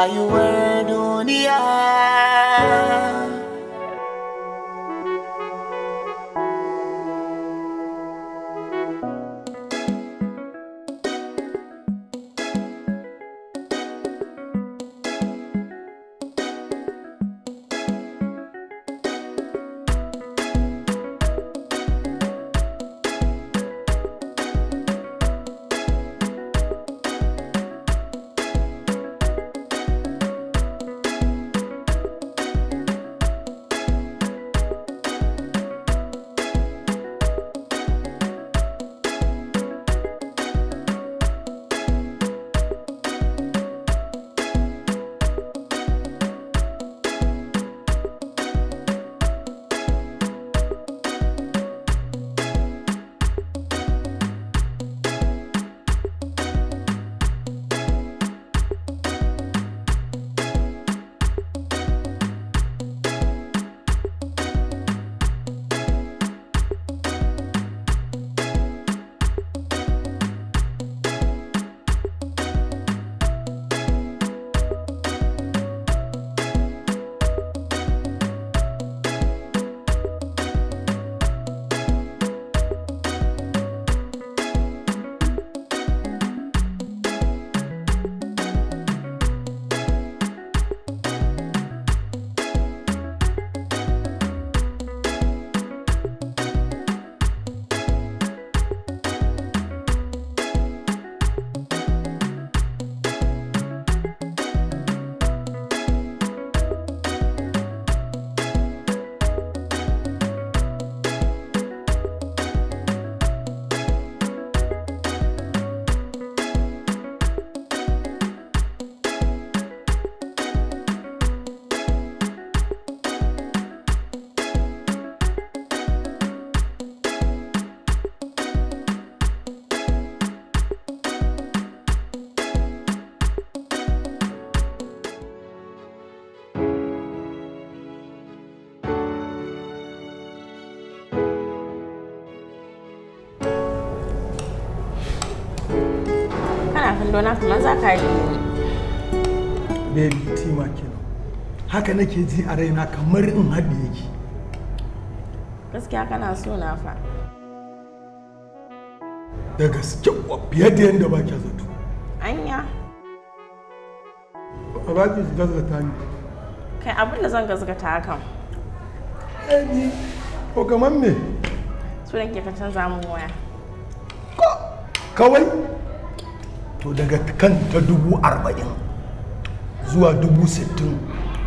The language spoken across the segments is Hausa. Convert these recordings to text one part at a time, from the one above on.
Are you ready? kallo na kamar za ka yi baby tima kenan haka nake ji a raina kamar in haɗe yake gaskiya kana so na fa da gaske fiye da yadda ba ke zato anya ba ba ki gazgata ni kai abin da zan gazgata hakan eh, ni ko kamar me sunan ke ka canza min waya kawai to daga kan ta dubu arba'in zuwa dubu sittin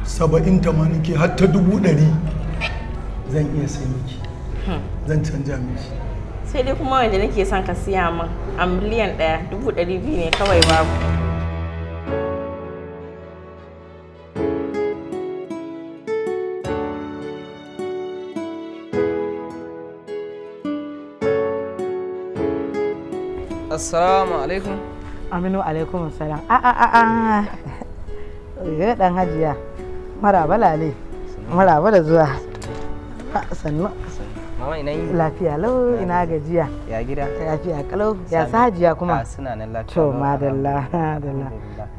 saba'in tamanin ke har ta dubu ɗari zan iya sai miki hmm. zan canja miki sai dai kuma wanda nake son ka siya min a miliyan ɗaya dubu ɗari biyu ne kawai babu Assalamu alaikum. aminu alaikum salam a a a a dan hajiya maraba lale maraba da zuwa ah, sannu mama ina yi lafiya lau ina gajiya ya gida lafiya kalau ya sa hajiya kuma ah, suna nan lafiya to madalla madalla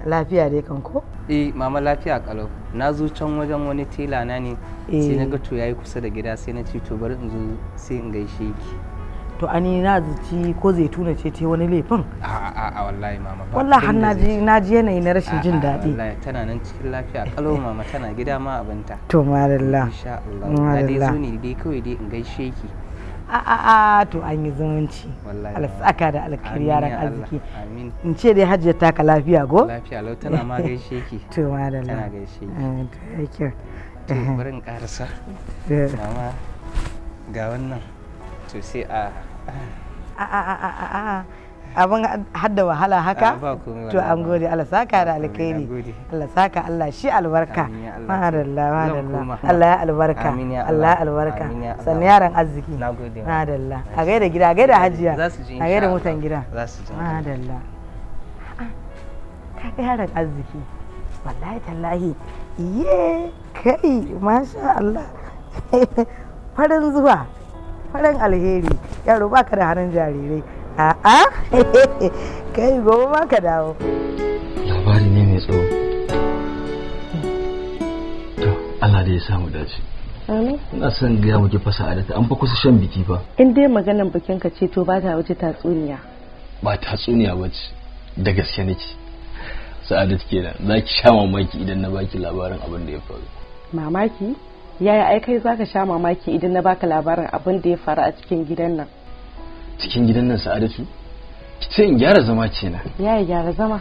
lafiya dai kan ko eh mama lafiya kalau na zo can wajen wani tela na ne sai eh. na ga to yayi kusa da gida sai na ci to bari in zo sai in gaishe ki to ani na zaci ko tuna ce ta wani laifin a a wallahi mama wallahi har na ji yanayi na rashin jin daɗi wallahi tana nan cikin lafiya kalo mama tana gida ma abinta to madalla insha Allah dai zo ne dai kawai dai in gaishe ki a a a to an yi zumunci alsaka da alkhairi yaran aziki. in ce dai ta ka lafiya go lafiya lau tana ma gaishe ki to madalla tana gaishe ki eh, to eh. bari in karasa eh. ga wannan to sai a Ah, ah, ah, abin hadda wahala haka to an gode Allah saka da alkhairi Allah saka Allah shi albarka madalla madalla Allah ya albarka Allah ya albarka san yaran arziki madalla a gaida gida a gaida hajiya a gaida mutan gida madalla ka ga yaran arziki wallahi tallahi iye kai masha Allah farin zuwa farin alheri yaro baka da hannun jarirai a'a kai gobe baka dawo labari ne mai tsawo to Allah da ya samu dace ina son gaya muke fasa adata an fa kusa shan biki fa in dai maganan bikin ka ce to ba ta wuce tatsuniya ba tatsuniya ba ce da gaske nake sa'adat kenan za ki sha mamaki idan na baki labarin abin da ya faru mamaki yaya ai kai zaka sha mamaki idan na baka labarin abin da ya faru a cikin gidan nan cikin gidan nan sa'adatu ki ce in gyara zama ce na yaya gyara zama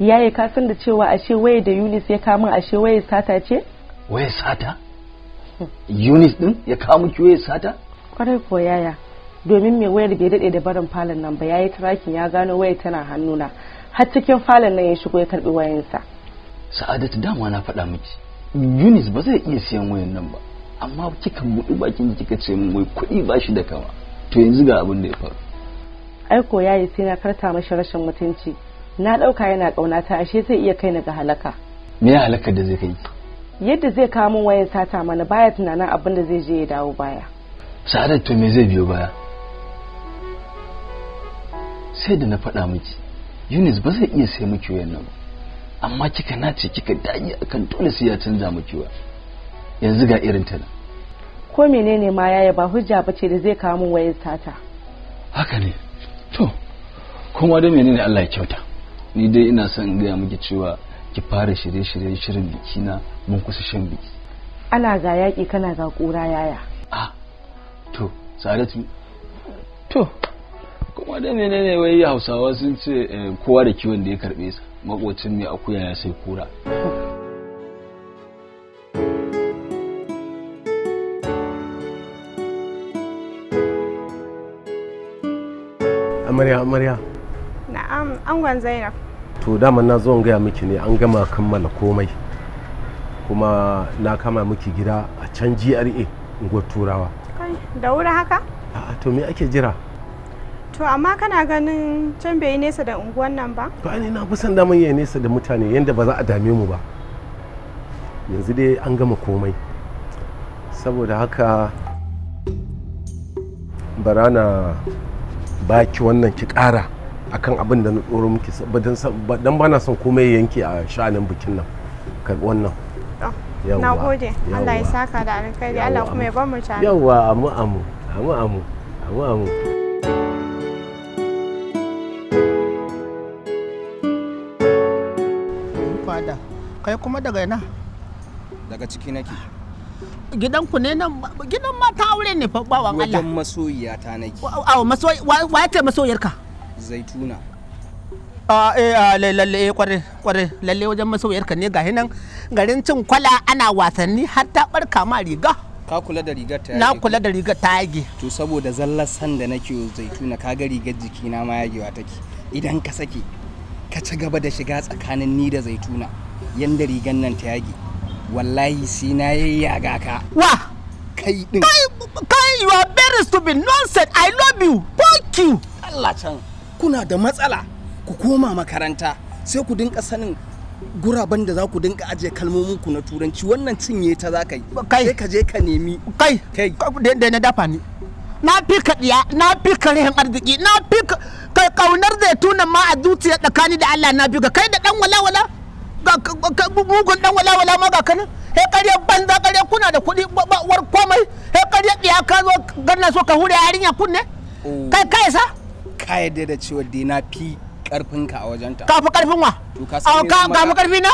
yaya ka san da cewa ashe waye da Yunis ya kama ashe waye sata ce waye sata Yunis din ya kama ki waye sata kwarai ko yaya domin mai wayar bai dade da barin falon nan ba yayi tracking ya gano waye tana hannuna har cikin falon nan ya shigo ya karbi wayansa sa'adatu dama na faɗa miki yunis ba zai iya siyan wayan nan ba amma kika buɗi bakin ki kika ce min wai kuɗi ba shi da kama to yanzu ga abin da ya faru aiko ya yi sai na karta mashi rashin mutunci na ɗauka yana ƙaunata ashe zai iya kai ni ga halaka me ya halaka da zai kai yadda zai kawo min wayan sata mana baya tunanin abin da zai je ya dawo baya sa'adat to me zai biyo baya sai da na faɗa miki yunis ba zai iya sai miki wayan nan ba amma kika nace kika dage akan dole sai ya canza miki wa yanzu ga irin ta nan ko menene ma yaya ba hujja bace da zai kawo min wayar sata haka ne to kuma da menene Allah ya kyauta ni dai ina son gaya miki cewa ki fara shirye-shiryen shirin biki na mun kusa shan biki ana ga yaki kana ga kura yaya A ah, to Saratu to kuma da menene wai hausawa sun ce eh, kowa da kiwon da ya karbe sa makocin mai akuya ya sai kura amarya amarya na'am angon zainab to dama na zo gaya miki ne an gama kammala komai kuma na kama miki gida a can gra unguwar turawa da wuri haka a to me ake jira to amma kana ganin can bai nesa da unguwan nan ba to ai na kusan da mun yi nesa da mutane yanda ba za a dame mu ba yanzu dai an gama komai saboda haka bara na baki wannan ki ƙara akan abin da na tsoro miki don ba na son komai yanke a sha'anin bikin nan karɓi wannan na gode Allah ya saka da alkhairi Allah kuma ya ba mu yawwa amu amu amu amu amu amu kai kuma daga ina daga ciki nake gidan ku ne nan gidan mata aure ne fa bawan Allah wajen masoyiya ta nake aw masoyi wa ce masoyiyar ka zaituna a eh lalle eh, kware kware lalle wajen masoyiyar ka ne gahi nan garin cin kwala ana wasanni har ta barka ma riga ka kula da rigar ta na kula da rigar ta yage to saboda zallar san da nake zaituna kaga rigar jikina ma yagewa take idan ka sake ka ci gaba da shiga tsakanin ni da zaituna yadda rigan nan ta yage wallahi sai na yayyaga ka wa kai din kai you are very stupid nonsense i love you fuck you Allah can kuna da matsala ku koma makaranta sai ku dinka sanin guraben da za ku dinka ajiye kalmomin ku na turanci wannan cinye ta za ka yi kai ka je ka nemi kai kai da na dafa ni na fi ka na fi ka rehin arziki na fi ka kaunar zaitunan ma a zuciya tsakani da Allah na fi ka kai da dan wala wala mugun dan wala wala ma ga kana he kare banza kare kuna da kuɗi ba komai he kare ya ka zo ganna so ka hure yarinya kunne oh. kai kai sa kai da da ciwo dina fi karfin ka a wajenta ka fi karfin wa a ka ga mu karfi na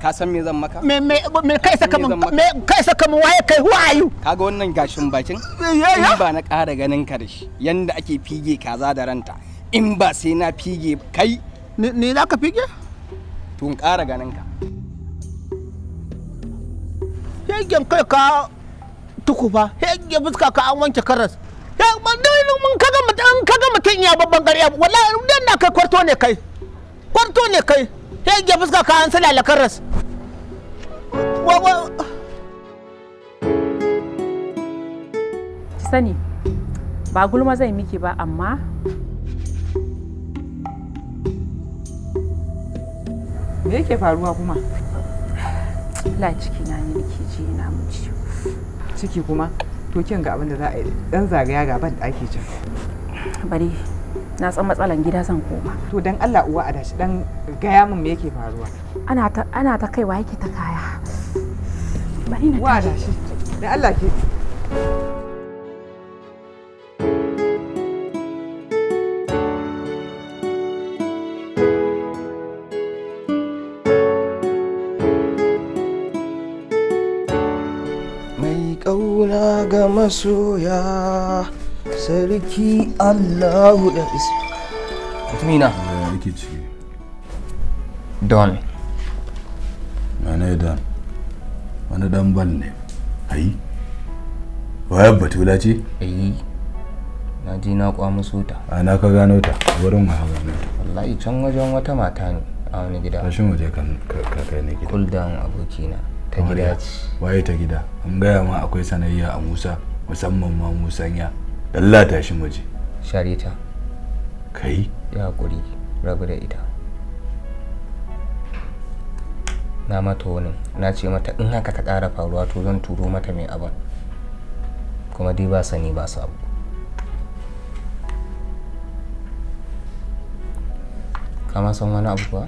ka san me zan maka me me me kai saka mun me kai saka mun waye kai who are you kaga wannan gashin bakin eh, in ba na ƙara ganin ka da shi yanda ake fige kaza da ranta in ba sai na fige kai ni za ka fige tun ƙara ganin ka kai ka tukufa fuska ka an wanke kaga mutum kaga mutum ya babban wallahi dan na kai kwarto ne kai kwarto ne kai fuska an salala karas ki sani ba gulma zai miki ba amma me yake faruwa kuma la ciki na ne nake ji na mu ciki kuma to kin ga abin da za a yi dan zagaya ga ban daki can bari na san matsalan gida zan koma to dan Allah uwa a dashi dan gaya min me yake faruwa ana ta ana ta kaiwa yake ta kaya bari na uwa dashi dan Allah ke masoya sarki Allahu da isa. Mutumina. Ya yake ciki. Don. Mene don? Wani dan bal ne. ayi. Waya batula ce? Ai. Na ji na kwa musu ta. A na ka gano ta. Wurin ma ha gano ta. Wallahi can wajen wata mata ne a wani gida. Rashin waje kan kai ne gida. Kuldan abokina. Ta gida ce. Waye ta gida? An gaya ma akwai sanayya a Musa. musamman ma mu sanya. lallata shi muje shareta kai ya hakuri rabu da ita na mata wani na ce mata in haka ta kara faruwa to zan turo mata mai abin kuma dai ba sani ba sabu kama san wani abu ba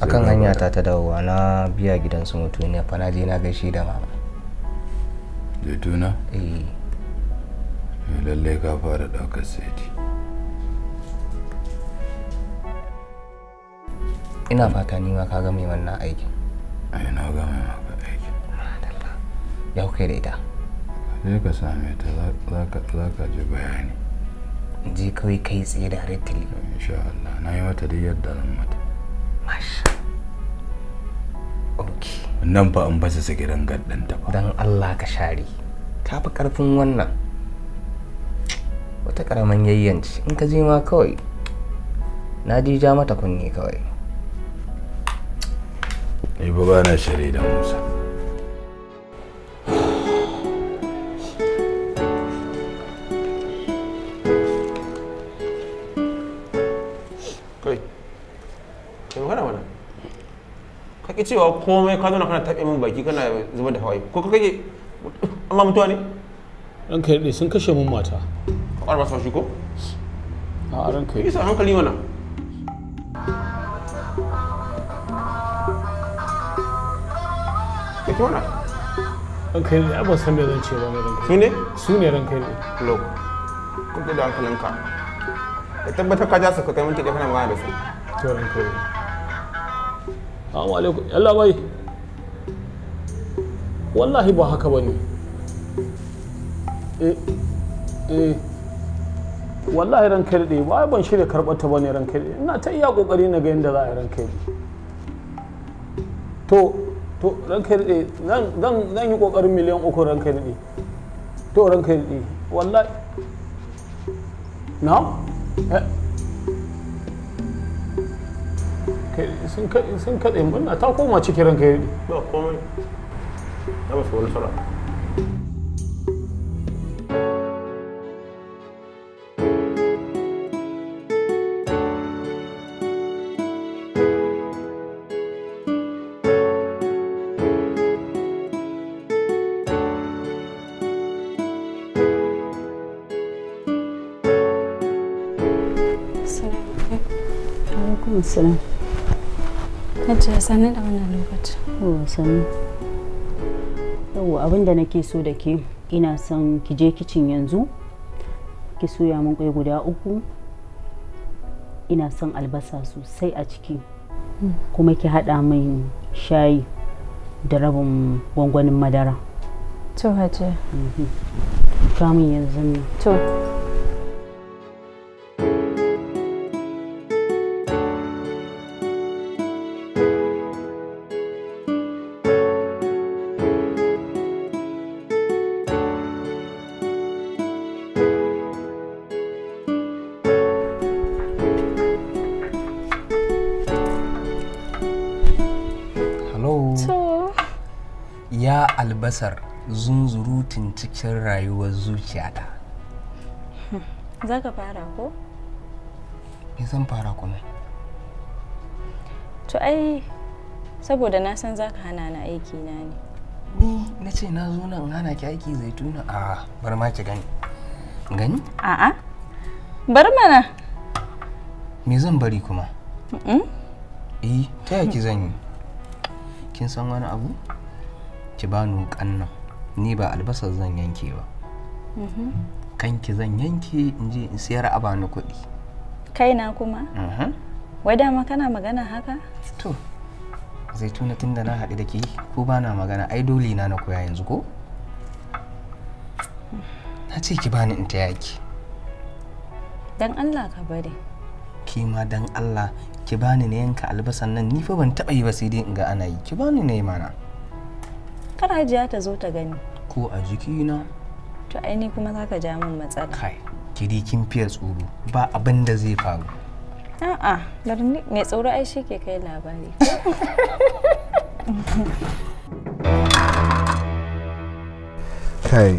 akan hanya ta ta dawowa na biya gidansu mutu ne fa na je na gaishe da mama Zaituna? Eh. Lallai ka fara ɗaukar saiti. Ina fata ni ma ka ga mai wannan aikin. Ai na ga mai maka aikin. Ya kai da ita. Sai ka same ta za ka ji bayani. Je kawai kai tsaye da directly. Insha Allah na yi mata duk yadda zan mata. Masha. Okay. nan fa in ba su gidan ta ba dan Allah ka share ta fi karfin wannan wata karaman yayyanci in ka je ma kawai na ji mata kunni kawai ni ba na shari da musa ki cewa komai ka zauna kana taɓe min baki kana zuba da hawaye ko kake amma mutuwa ne ran kai ne sun kashe mun mata ka ƙarfa sau shi ko a ran kai isa hankali mana kake mana ran kai ne abin san me zan ce ba mai ran kai su ne su ne ran kai ne lo kun da hankalinka ka tabbatar ka ja su ka kai ta ɗaya kana magana da su to ran kai Assalamu alaikum yalla bai wallahi ba haka ba ne eh, eh wallahi ran kai dai ba ban shirya karɓar ta ba ran kai ina ta iya ƙoƙari na ga yadda za a yi ran kai to to ran kai daɗe zan yi ƙoƙarin miliyan uku ran kai dai. to ran kai dai. wallahi na sun katse murna ta koma ciki ranka ya ba komai ba su wani sara Assalamu alaikum. Hajiya sanin da wannan lokacin. Oh, sanin. Yawwa abin da nake so da ke ina son ki je kicin yanzu. Ki soya min kwai guda uku. Ina son albasa sosai a ciki. Hmm. Kuma ki haɗa min shayi da rabin gwangwanin madara. To Hajiya. Mhm. Kamun yanzu ne. To. albasar zunzurutun cikin rayuwar zuciyata za ka fara ko? me eh, zan fara kuma to ai saboda na san za ka hana na aiki na ne ni na ce na zo nan hana ki aiki zai tuna. a bar ma ki gani gani? a'a bar mana me zan bari kuma? eh ta yaki zan yi kin san wani abu? ki bani wukan nan ni ba albasar zan yanke ba mhm. kanki zan yanke in je in siyar a bani kuɗi kaina kuma mhm. wai dama kana magana haka to zai tuna tun da na haɗu da ke ko ba na magana ai dole na na koya yanzu ko na ce ki bani in ta yaki dan Allah ka bari ki ma dan Allah ki bani na yanka albasan nan ni fa ban taɓa yi ba sai dai in ga ana yi ki bani na yi mana kar hajiya ta zo ta gani ko a jikina to ai ni kuma zaka ja min matsala kai kiri kin fiye tsoro ba abin da zai faru a'a garni mai tsoro ai shi ke kai labari kai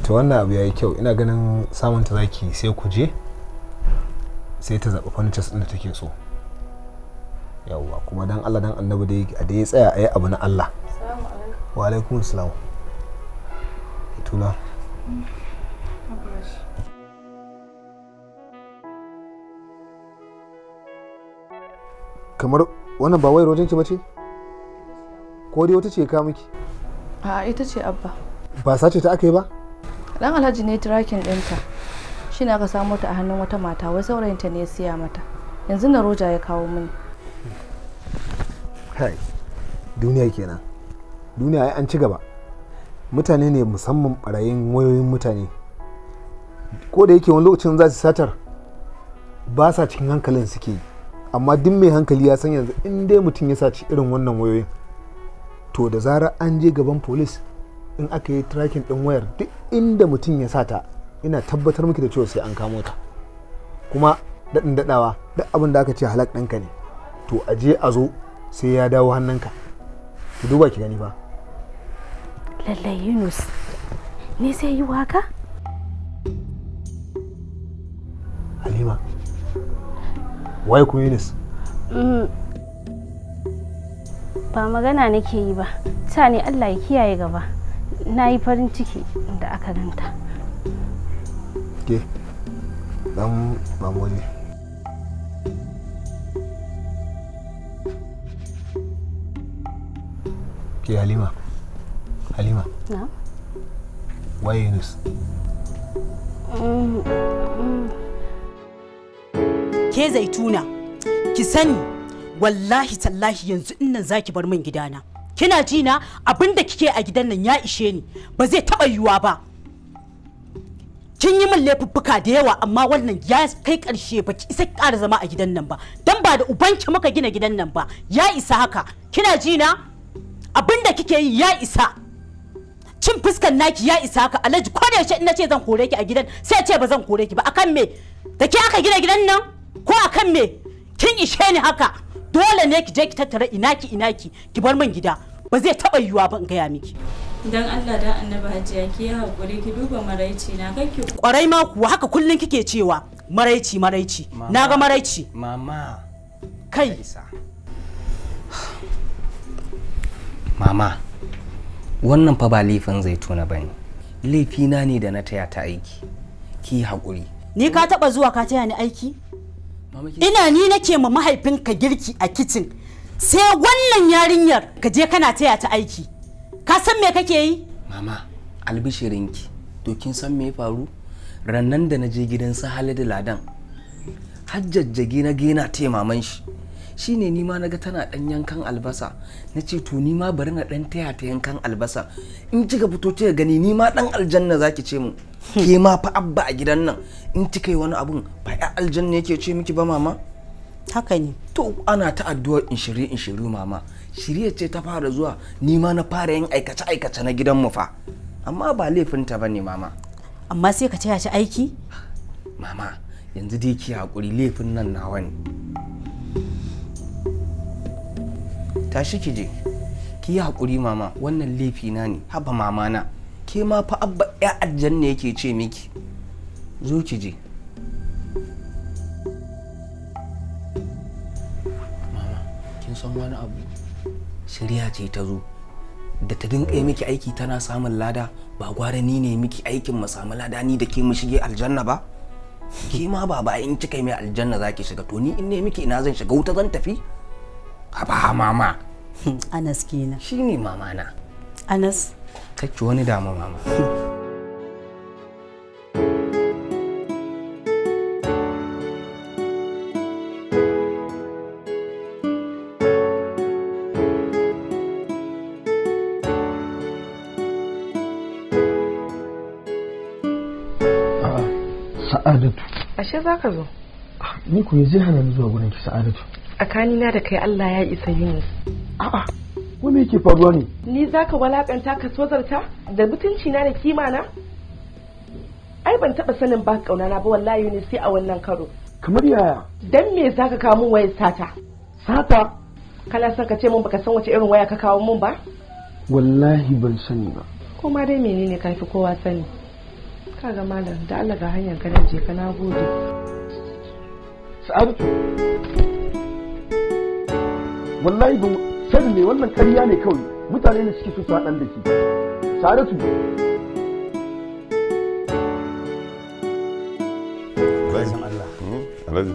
to wannan abu ya yi kyau ina ganin samun ta zaki sai ku je sai ta zaɓi furnitures ɗin da take so yawwa kuma dan Allah dan annabi dai a dai tsaya a yi abu na Allah wa alaikum salam tula kamar wannan ba wayar wajen ki bace ko dai wata ce ka miki a ita ce abba ba sace ta aka yi ba dan alhaji ne tirakin ɗinta shi na ka samo ta a hannun wata mata wai saurayinta ne ya siya mata yanzu na roja ya kawo mini kai duniya kenan duniya ya an ci gaba mutane ne musamman barayin wayoyin mutane ko da yake wani lokacin za su satar ba sa cikin hankalin suke amma duk mai hankali ya san yanzu in dai mutum ya saci irin wannan wayoyin to da zara an je gaban polis in aka yi tracking din wayar duk inda mutum ya sata ina tabbatar miki da cewa sai an kamo ta kuma daɗin daɗawa duk abin da aka ce halak ɗinka ne to a je a zo sai ya dawo hannunka ki duba ki gani ba lallai yunus ne zai yi waka halima wai ku yunus mm. ba magana nake yi ba ta ne allah ya kiyaye gaba na yi farin ciki da aka ganta ke dan mamoni ke halima halima na waye yunus ke zaituna ki sani wallahi tallahi yanzu innan zaki bar min gidana kina ji na abin da kike a gidan nan ya ishe ni ba zai taba yiwuwa ba kin yi min laifuffuka da yawa amma wannan ya kai karshe ba ki isa ƙara zama a gidan nan ba dan ba da ubanki muka gina gidan nan ba ya isa haka kina ji na abin da kike yi ya isa cin fuskan naki ya isa ka alhaji ko da yaushe in nace zan kore ki a gidan sai ce ba zan kore ki ba akan me da ke aka gina gidan nan ko akan me kin ishe ni haka dole ne ki je ki tattara inaki inaki ki bar min gida ba zai taba yiwuwa ba in gaya miki dan Allah da annabi hajiya ki hakuri ki duba maraici na kake kwarai ma kuwa haka kullun kike cewa maraici maraici naga maraici mama kai mama wannan fa ba laifin zaituna ba ne laifina ne da na taya ta aiki ki haƙuri ni ka taɓa zuwa ka taya ni aiki ina ni nake ma mahaifinka girki a kicin sai wannan yarinyar ka je kana taya ta aiki ka san me kake yi mama albishirinki to kin san me ya faru rannan da na je gidan su da ladan hajjajjage na gina taimaman shi shine ni ma naga tana dan yankan albasa na ce to ni ma bari na dan taya ta yankan albasa in kika fito ce gani ni ma dan aljanna zaki ce mu hmm. ke ma fa abba a gidan nan in kika yi wani abun ba ya aljanna yake ce miki ba mama haka ne to ana ta addu'a in shirye in shiru mama shirye ce ta fara zuwa ni ma na fara yin aikace aikace na gidan mu fa amma ba laifinta bane mama amma sai ka taya ci aiki mama yanzu dai ki hakuri laifin nan nawa ne tashi ki je ki yi haƙuri mama wannan laifi na ne haba mama na ke ma fa abba ya aljanna yake ce miki zo ki je mama kin san wani abu shirya ce ta zo da ta dinka yi miki aiki tana samun lada ba gwara ni ne miki aikin mu samu lada ni da ke mu shige aljanna ba ke ma ba in kika mai aljanna zaki shiga to ni in ne miki ina zan shiga wuta zan tafi haba mama anas kenan shine mama na anas kake wani damu mama Sa'adatu. Ashe za ka zo? Ah, ni ku zai hana ni zuwa gurin ki Sa'adatu? na da kai Allah ya isa yin a'a wani yake faruwa ne ni za ka walakanta ka sozarta da mutunci na da kima na ai ban taba sanin ba kauna na ba wallahi ne sai a wannan karo kamar yaya dan me zaka kawo min wayar sata sata kana son ka ce min baka san wace irin waya ka kawo mun ba wallahi ban sani ba ma dai menene kafi kowa sani Ka ga malam da Allah ga hanyar ka je ka na gode sa'adu wallahi ba sani ne wannan kariya ne kawai mutane ne suke so su haɗan da shi tare su hmm? alhaji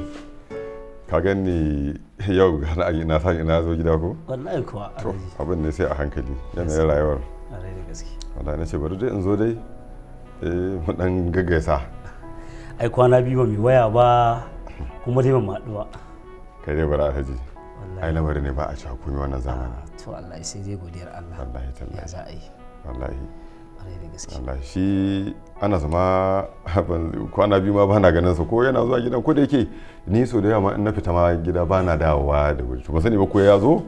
ka ni yau har an ina san ina zo gida ko wallahi kuwa to abin ne sai a hankali yanayin rayuwar wallahi na ce bari dai in zo dai eh mu dan gaggaisa ai kwana biyu ba mai waya ba kuma dai ba maɗuwa. ba kai dai bari alhaji ai lamari ne ba a ci hukumi wannan zamanin ah, to Allah sai dai godiyar Allah wallahi tallahi ya za a yi wallahi wallahi shi ana zama kwana biyu ma ba na ganin sa ko yana zuwa gidan ko da yake ni so da yawa in na fita ma gida ba na dawowa da wuri ba sani ba ko ya zo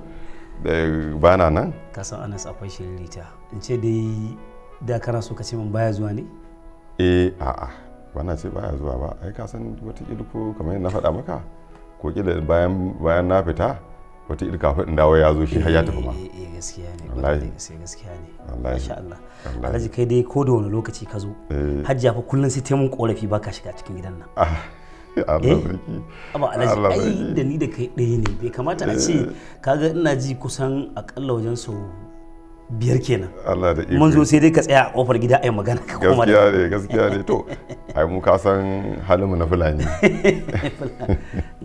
ba na nan ka san Anas akwai shirin rita in ce dai da kana so ka ce min baya zuwa ne eh a'a ba na ce baya zuwa ba ai ka san wata ko kamar yadda na faɗa maka ko kila bayan bayan na fita wata iri kafin in dawo ya zo shi har ya tafi ma eh, eh gaskiya ne wallahi gaskiya ne wallahi insha Allah alhaji kai dai ko da wani lokaci ka zo eh. hajji fa kullun sai taimun korafi ka shiga cikin gidan nan ah, Allah eh? sarki amma alhaji ai da ni da kai ɗaya ne bai kamata a ce kaga ina ji kusan akalla wajen sau biyar kenan Allah da iko mun zo sai dai ka tsaya a kofar gida ai magana ka koma gaskiya ne gaskiya ne to ai mu ka san halin mu na fulani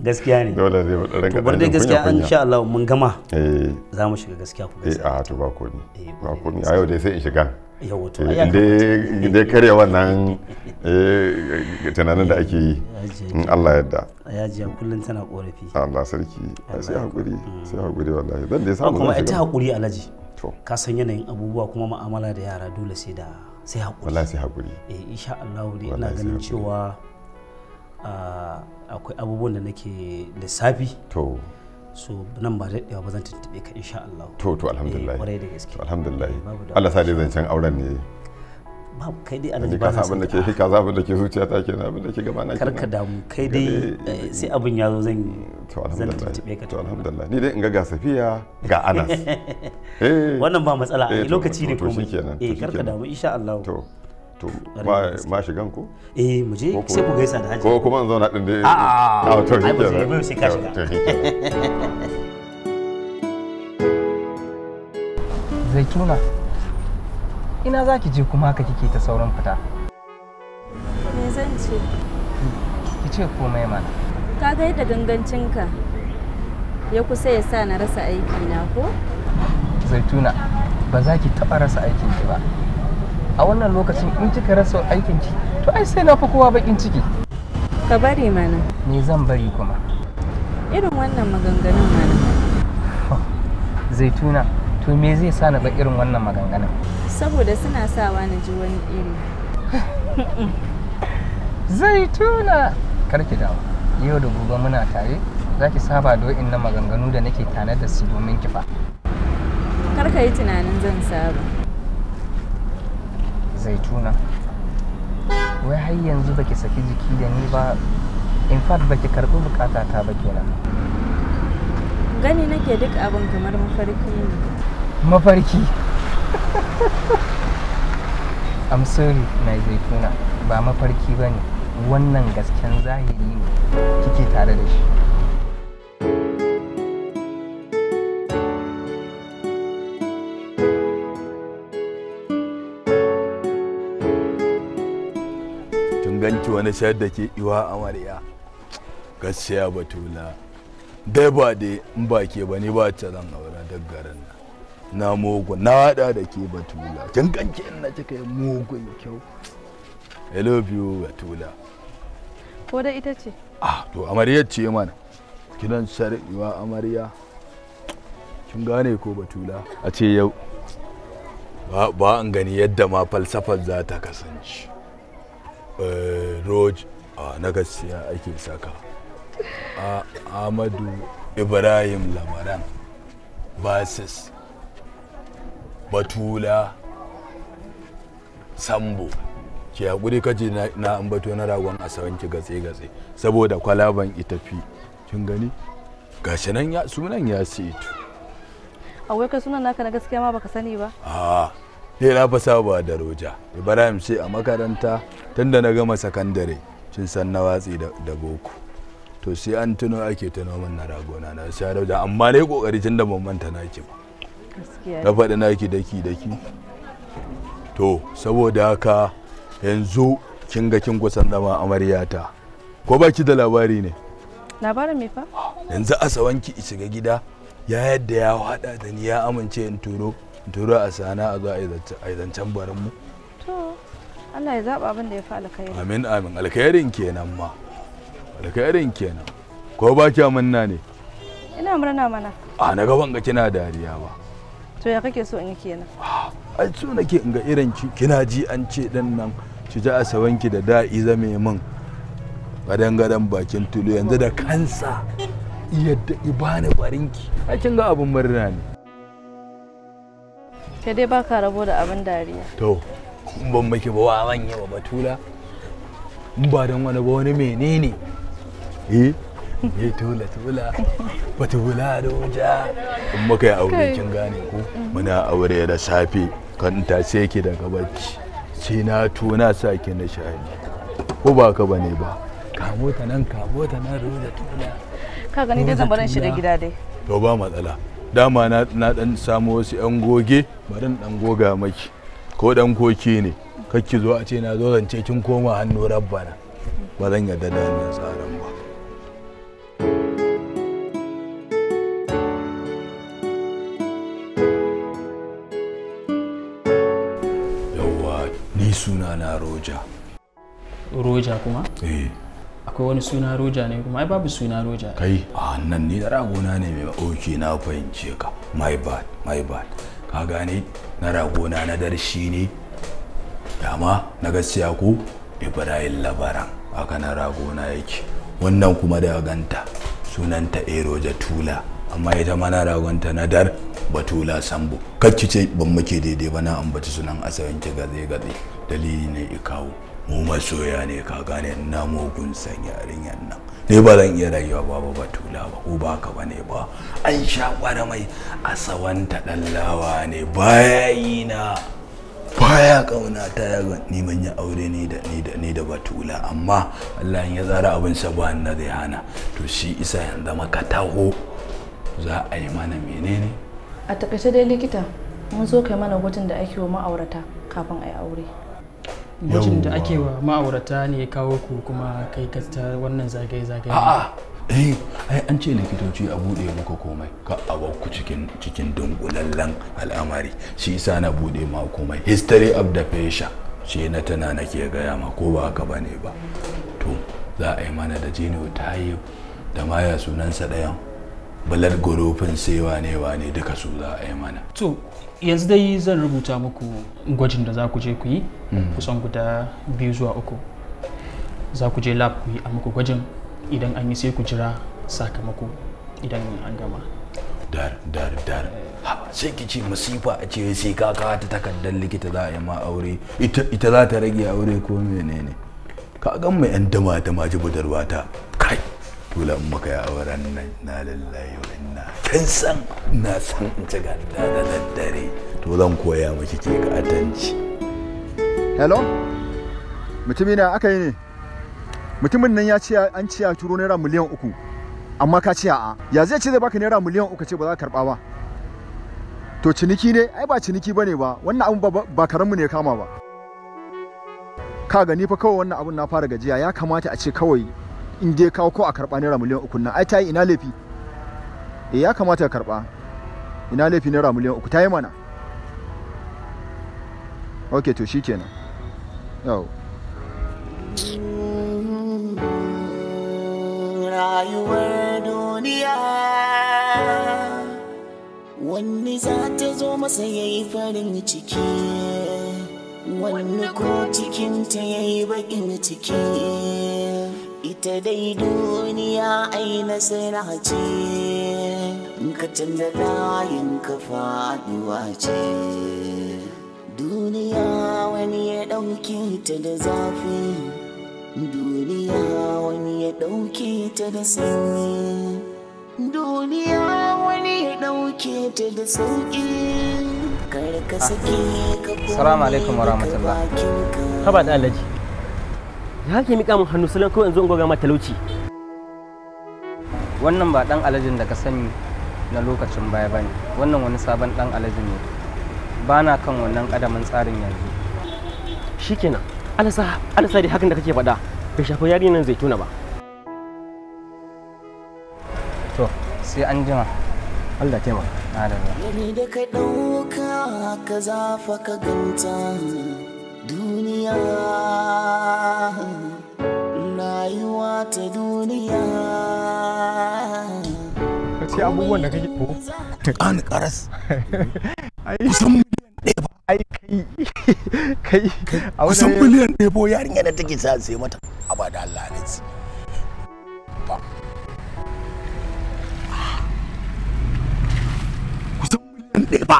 gaskiya ne dole ne mu rinka to bari gaskiya an insha Allah mun gama eh za mu shiga gaskiya ku eh a to ba ko ni eh, ba ko ni a yau dai sai in shiga yawa to eh, ai dai kare wannan eh, tunanin da ake yi in Allah yadda ya ji kullum tana korafi Allah sarki sai hakuri sai hakuri wallahi dan dai samu kuma ita hakuri alaji ka san yanayin abubuwa kuma mu'amala da yara dole sai da sai hakuri wallahi sai hakuri eh insha Allah dai ina ganin cewa ah, akwai abubuwan da nake lissafi to so nan ba daɗewa ba zan tuntuɓe ka insha Allah to to alhamdulillah eh, ƙwarai da gaske alhamdulillah Allah sa dai zancen auren ne babu kai dai alhaji ba na abin da ke ka abin da ke zuciya ta kenan abin da ke gaba na kenan karka damu kai dai eh, sai abin ya zo zan to alhamdulillah to alhamdulillah ni dai in ga ga Safiya ga Anas eh wannan ba matsala a eh, lokaci ne komai eh karka damu insha Allah to to ma shigan eh mu je sai ku gaisa da ko kuma zauna din dai a ah, to ai ba sai sai ka shiga zaituna ina za ki je kuma haka kike ta sauran fita me zan ce ki ce komai mana ka ga yadda gangancinka ya kusa ya sa na rasa aiki na ko zaituna ba za ki taɓa rasa aikinki ba a wannan lokacin in kika rasa aikin ki to ai sai na fi kowa bakin ciki ka bari mana ni zan bari kuma irin wannan maganganun mana zaituna to me zai sa na ba irin wannan maganganun saboda suna sawa na ji wani iri zaituna karki dawo yau da gobe muna tare za ki saba da wa'in maganganu da nake tare da su domin kifa kar ka yi tunanin zan saba zaituna wai har yanzu baki saki jiki da ni ba in fact baki karɓi bukata ta ba kenan gani nake duk abin kamar mafarki ne mafarki I'm sorry mai zaituna ba mafarki ba ne wannan gasken zahiri ne kike tare da shi ganci wani shayar da ke iwa amarya gaskiya batula dai ba dai in ba ke ba ni ba ta zan aura duk garin na mugun na hada da ke batula kin ganci in na cika yi mugun kyau i love you batula ko da ita ce ah to amaryar ce mana kidan iwa amarya kin gane ko batula a ce yau ba an gani yadda ma falsafar za ta kasance Eh, roj na gaskiya ake saka ahmadu ibrahim lamaran basis batula sambo ki hakuri kaji na ambato na ragon asaban ki gatse gatse saboda kwalaban ita fi kin gani gashi nan ya sunan ya situ a wai ka sunan naka na gaskiya ma baka sani ba ne na fa Sabuwa da roja ibrahim sai a makaranta tun da na gama sakandare cin san na watsi da boko to sai an tuno ake tuno min na ragona na sha roja amma ne kokari tun da ban manta naki ba na faɗi naki daki daki to saboda haka yanzu kin ga kin kusan zama amaryata ko ba ki da labari ne labarin me fa yanzu asawanki shiga gida ya yadda ya hada da ni ya amince in turo tura a sana a zo a yi zancen barin mu to Allah ya zaba abin da ya fi alkhairi amin amin alkhairin kenan ma alkhairin kenan ko ba kya munna ne ina murna mana a na ga banga kina dariya ba to ya kake so in yi kenan ai so nake in ga irin kina ji an ce din nan ki ji a sawanki da da'i zame min gadan gadan bakin tulu yanzu da kansa yadda ibani barinki a kin ga abin murna ne Kai dai baka rabo da abin dariya. To, in ban maki ba wa yi wa batula. In ba don wani ba wani menene? Eh? Me tula tula. Batula doja. In muka yi aure kin gane ko? Muna aure da safe kan ta sai ki daga bacci. Sai na tuna sa ki na shani. Ko ba ka bane ba? Kamo ta nan kamo ta nan ruwa tula. Ka gani dai zan barin shi da gida dai. To ba matsala. dama na dan samu wasu yan goge bari dan goga maki ko dan koki ne kakki zo a ce na zo zance kin koma hannu rabbana ba zan yarda da wannan tsarin ba yawa ni suna na roja roja kuma eh akwai wani suna roja ne kuma ai babu suna roja kai a nan ni da ragona ne mai oke na fahimce ka my bad my bad ka gane na ragona na darshi ne dama na gaskiya ko ibrahim labaran haka na ragona yake wannan kuma da ganta sunanta eroja tula amma ita mana ragonta na dar batula sambo kacce ce ban muke daidai ba na ambaci sunan asalin ki gaze gaze dalili ne ikawo mu masoya ne ka gane na mugun san yarinyar nan ne ba zan iya rayuwa ba ba batula ba ko ba ka ba ne ba an sha kwara mai asawanta dallawa ne baya yi na baya kauna ta yaga ni ban yi aure ne da ni da ni da batula amma Allah ya tsara abin sa ba na zai hana to shi isa yanzu maka taho za a yi mana menene a takaice dai likita mun zo kai mana gwajin da ake wa ma'aurata kafin a yi aure Mutum da ake wa ma'aurata ne ya kawo ku kuma kai ka ta wannan zagaye-zagaye. A'a, eh, ai an ce likitoci a buɗe muka komai ka a ku cikin cikin dungulallen al'amari shi yasa na buɗe ma komai history of the patient shi na tana nake gaya ma ko ba haka bane ba to za a yi mana da ta yi da maya sunansa ɗayan balar gorofin sai wane wane duka su za a yi mana to yanzu dai zan rubuta muku gwajin da za ku je ku yi hmm. kusan guda biyu zuwa uku za ku je lab ku yi a muku gwajin idan an yi sai ku jira sakamako idan an gama dar dar dar sai ki ce masifa a ce sai ka kawo ta takardar likita za a yi ma aure ita za ta rage aure ko menene ka ga mai yan dama ta maji budurwa ta kai dole in muka auren nan na lallahi wa inna kin san na san in ci gadda da daddare to zan koya miki ke ka atanci hello mutumi na aka yi ne mutumin nan ya ce an ce turo naira miliyan uku amma ka ce a'a ya zai ce zai baka naira miliyan uku ce ba za ka karba ba to ciniki ne ai ba ciniki bane ba wannan abun ba karamu ne kama ba ka gani fa kawai wannan abun na fara gajiya ya kamata a ce kawai in dai kawo ko a karɓa naira miliyan uku nan ai ta yi ina laifi e ya kamata ka karɓa ina laifi naira miliyan uku ta yi mana ok to shi kenan yau rayuwar duniya wani za ta zo masa ya yi farin ciki wani ko cikinta ya yi baƙin ciki ita dai duniya ai nasara ce ka canza layin ka faduwa ce duniya wani ya dauke ta da zafi duniya wani ya dauke ta da sanyi duniya wani ya dauke ta da sauƙi ka alaikum wa rahmatullah. Kaba da alaji. za ka miƙa min hannu salon kawai in zo in goga ma talauci wannan ba dan alajin da ka sani na lokacin baya bane wannan wani sabon dan alajin ne ba na kan wannan kadamin tsarin yanzu shikenan alasa alasa dai hakan da kake faɗa bai shafi zai zaituna ba to sai an jima Allah taimaka. Adalla. Ni da kai ɗauka ka zafa ka ganta duniya rayuwa ta duniya ka ce abubuwan da kake ko ta ƙani ƙaras kusan miliyan ɗaya ba ai kai kai kusan miliyan ɗaya ba yarinya da take sa sai mata abada Allah ne ba kusan miliyan ɗaya ba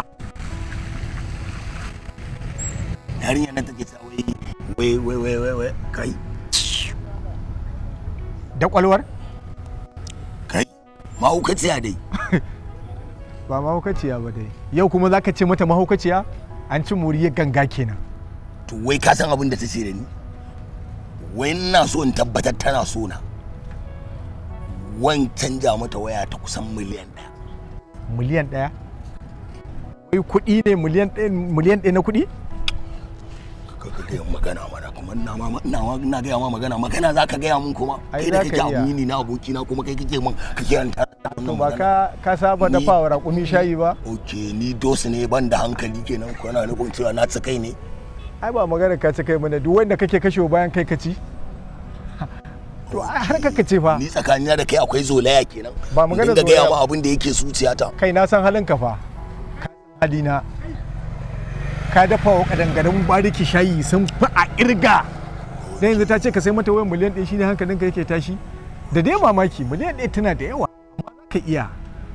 dariya na take ta wai wai wai wai wai kai da kwalwar kai mahaukaciya dai ba mahaukaciya ba dai yau kuma zaka ce mata mahaukaciya an ci muriyar ganga kenan to wai ka san abin da ta ce da ni wai ina so in tabbatar tana so na wan canja mata waya ta kusan miliyan ɗaya miliyan ɗaya wai kuɗi ne miliyan ɗaya na kuɗi ka ka gaya magana mana kuma ina ma ina ma gaya ma magana magana za ka gaya mun kuma kai da kake amini na aboki na kuma kai kake mun kake an ta to ba ka ka saba da fawa raƙumi shayi ba oke ni dos ne ban da hankali kenan na nufin cewa na tsakai ne ai ba magana ka tsakai mana duk wanda kake kashewa bayan kai ka to har kaka ce fa ni tsakanina da kai akwai zolaya kenan ba magana zolaya ma abin da yake zuciyata kai na san halin ka fa halina ka dafa wa kadangarin bariki shayi sun fi a irga da yanzu ta ce ka sai mata wayan miliyan ɗaya shine ka yake tashi da dai mamaki miliyan ɗaya tana da yawa amma za ka iya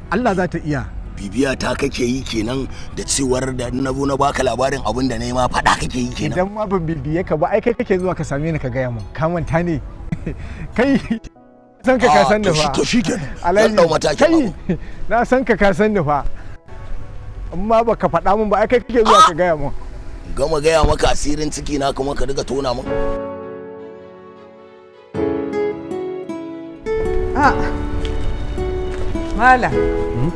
Allah za ta iya bibiya ta kake yi kenan da cewar da na bu na baka labarin abin da na yi ma faɗa kake yi kenan idan ma ban bibiye ka ba ai kai kake zuwa ka same ni ka gaya mun ka manta ne kai san ka ka san da fa to shi kenan alai mataki kai na san ka ka ah, san da fa amma ma baka faɗa min ba ai kai kake zuwa ka gaya min gama gaya maka asirin ciki na kuma ka riga tona min ah, Mala. Hmm?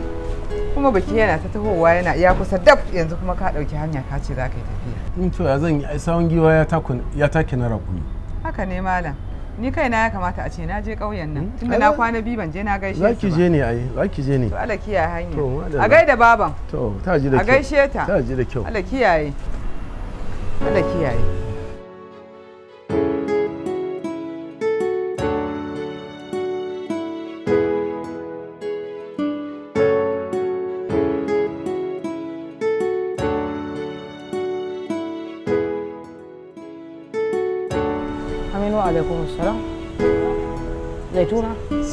Kuma baki yana ta tahowa yana iya kusa dab yanzu kuma ka ɗauki hanya ka ce za ka yi tafiya. In to ya zan yi sawon giwa ya take na rabu. Haka ne malam. ni kai na ya kamata a ce na je ƙauyen nan hmm? tunda na kwana biyu ban je na gaishe su ba zaki je ne ai zaki je ne to Allah kiyaye hanya a gaida baban to ta ji da kyau a gaishe ta ta ji da kyau Allah kiyaye Allah kiyaye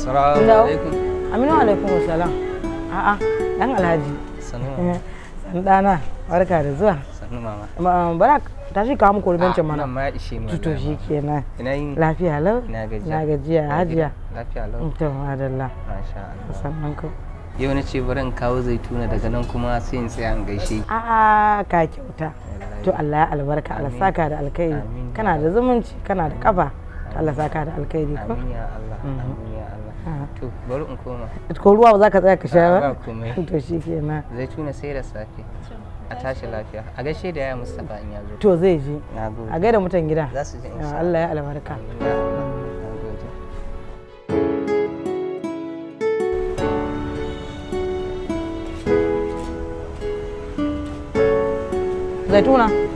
Assalamu alaikum. Aminu alaikum assalam. A'a, dan Alhaji. Sannu. Sannu dana, barka da zuwa. Sannu mama. Um, Barak, tashi kawo muku rubancin mana. Nan ma ya ishe Tuto shi kenan. Ina yin lafiya lau. Ina gajiya. Ina gajiya, hajiya. Lafiya lau. To, Masha Allah. Sannan ku. Yau na ce bari in kawo zaituna daga nan kuma sai in tsaya in gaishe. A'a, ka kyauta. To Allah ya albarka, Allah saka da alkhairi. Kana da zumunci, kana da kafa. Allah saka da alkhairi Amin ya Allah. Mhm. Amin to bari in koma ko ruwa ba za ka tsaya ka sha ba to shi kenan zai tuna sai da safe a tashi lafiya a gaishe da ya mustapha in ya zo to zai je a gaida mutan gida za su je Allah ya albarka zaituna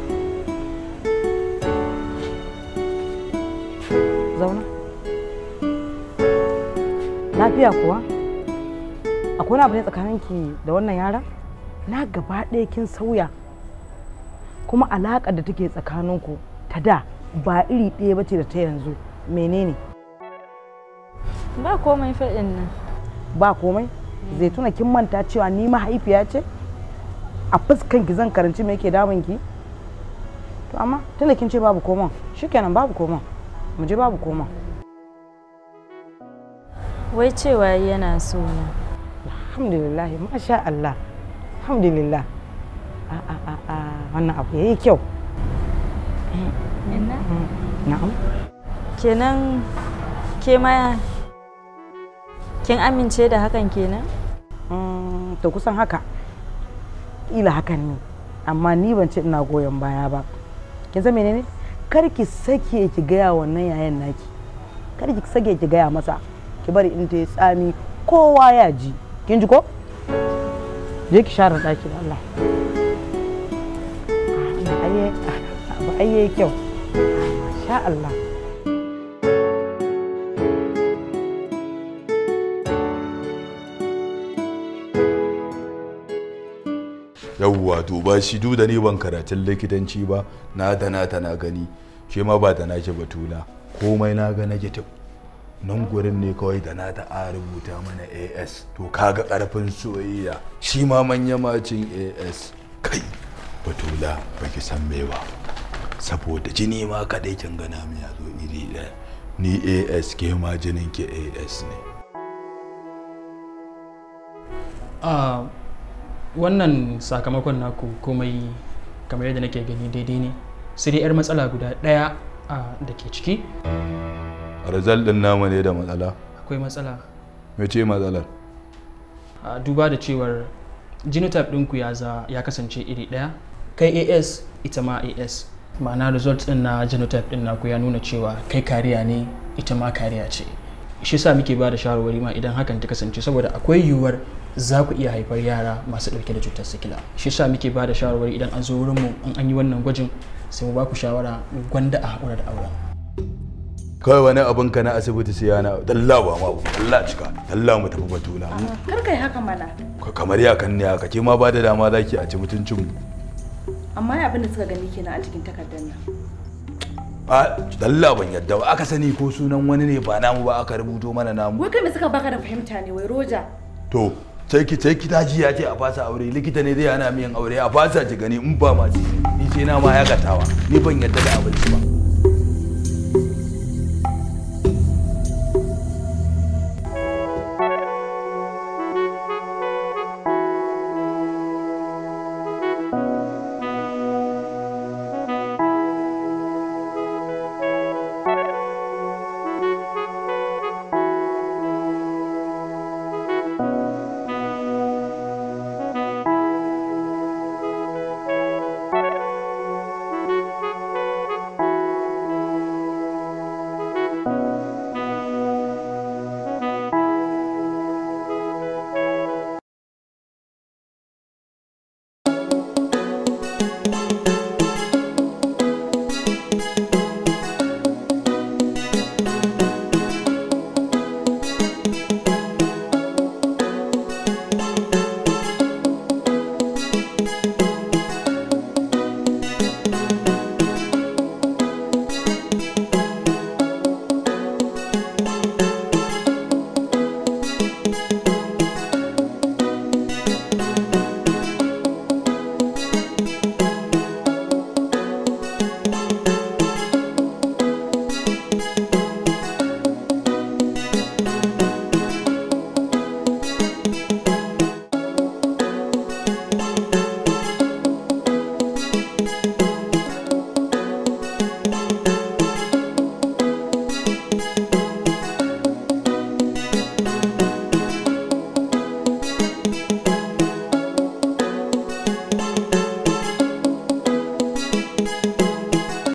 lafiya kuwa akwai wani abu ne tsakaninki da wannan yara na gaba ɗaya kin sauya kuma alaƙar da take tsakaninku ta da ba iri ɗaya bace da ta yanzu menene ba komai faɗin nan ba komai zai tuna kin manta cewa ni mahaifiya ce a fuskan ki zan karanci me yake damun ki to amma tunda kin ce babu komai shikenan babu komai mu je babu komai. wai cewa yana so na alhamdulillah masha Allah alhamdulillah a a a a wannan abu yayi kyau na'am kenan ke ma kin amince da hakan kenan mm, to kusan haka ila hakan ne amma ni ban ce ina goyon baya ba kin san menene kar ki sake ki gaya wannan yayan naki kar ki sake ki gaya masa ki bari in ta yi tsami kowa ya ji kin ji ko je ki share daki da Allah ba ai kyau sha Allah yawwa to ba shi du da ni ban karatun likitanci ba na da na ta na gani shi ma ba da ke batula komai na ga negative nan gurin ne kawai da na ta rubuta mana as to kaga karfin soyayya shi ma manya macin as kai batula baki san me ba saboda jini ma kadai kin gana mu ya zo iri ɗaya ni as ke ma jinin ki as ne a wannan sakamakon naku komai kamar yadda nake gani daidai ne sai dai 'yar matsala guda ɗaya da ke ciki result din namu ne da matsala akwai matsala me ce matsalar a duba da cewar genotype ɗinku ya za ya kasance iri ɗaya kai as ita ma as ma'ana results ɗin na genotype ɗin naku ya nuna cewa kai kariya ne ita ma kariya ce shi sa muke ba da shawarwari ma idan hakan ta kasance saboda akwai yiwuwar za ku iya haifar yara masu ɗauke da cutar sikila shi sa muke ba da shawarwari idan an zo wurinmu in an yi wannan gwajin sai mu ba ku shawara gwanda a haƙura da auren kawai wani abin ka na asibiti sai yana dalla ba ma dalla cika dalla mu tafi batuna kar kai haka mana kamar ya kan ne haka ke ma ba da dama zaki a ci mutuncin mu amma y'a abin da suka gani kenan a cikin takardar nan ba dalla ban yadda ba aka sani ko sunan wani ne ba namu ba aka rubuto mana namu wai kai me suka baka da fahimta ne wai roja to sai ki sai ki taji ya ce a fasa aure likita ne zai hana min aure a fasa ji gani in ba ma ni sai na ma ya gatawa ni ban yadda da abinci ba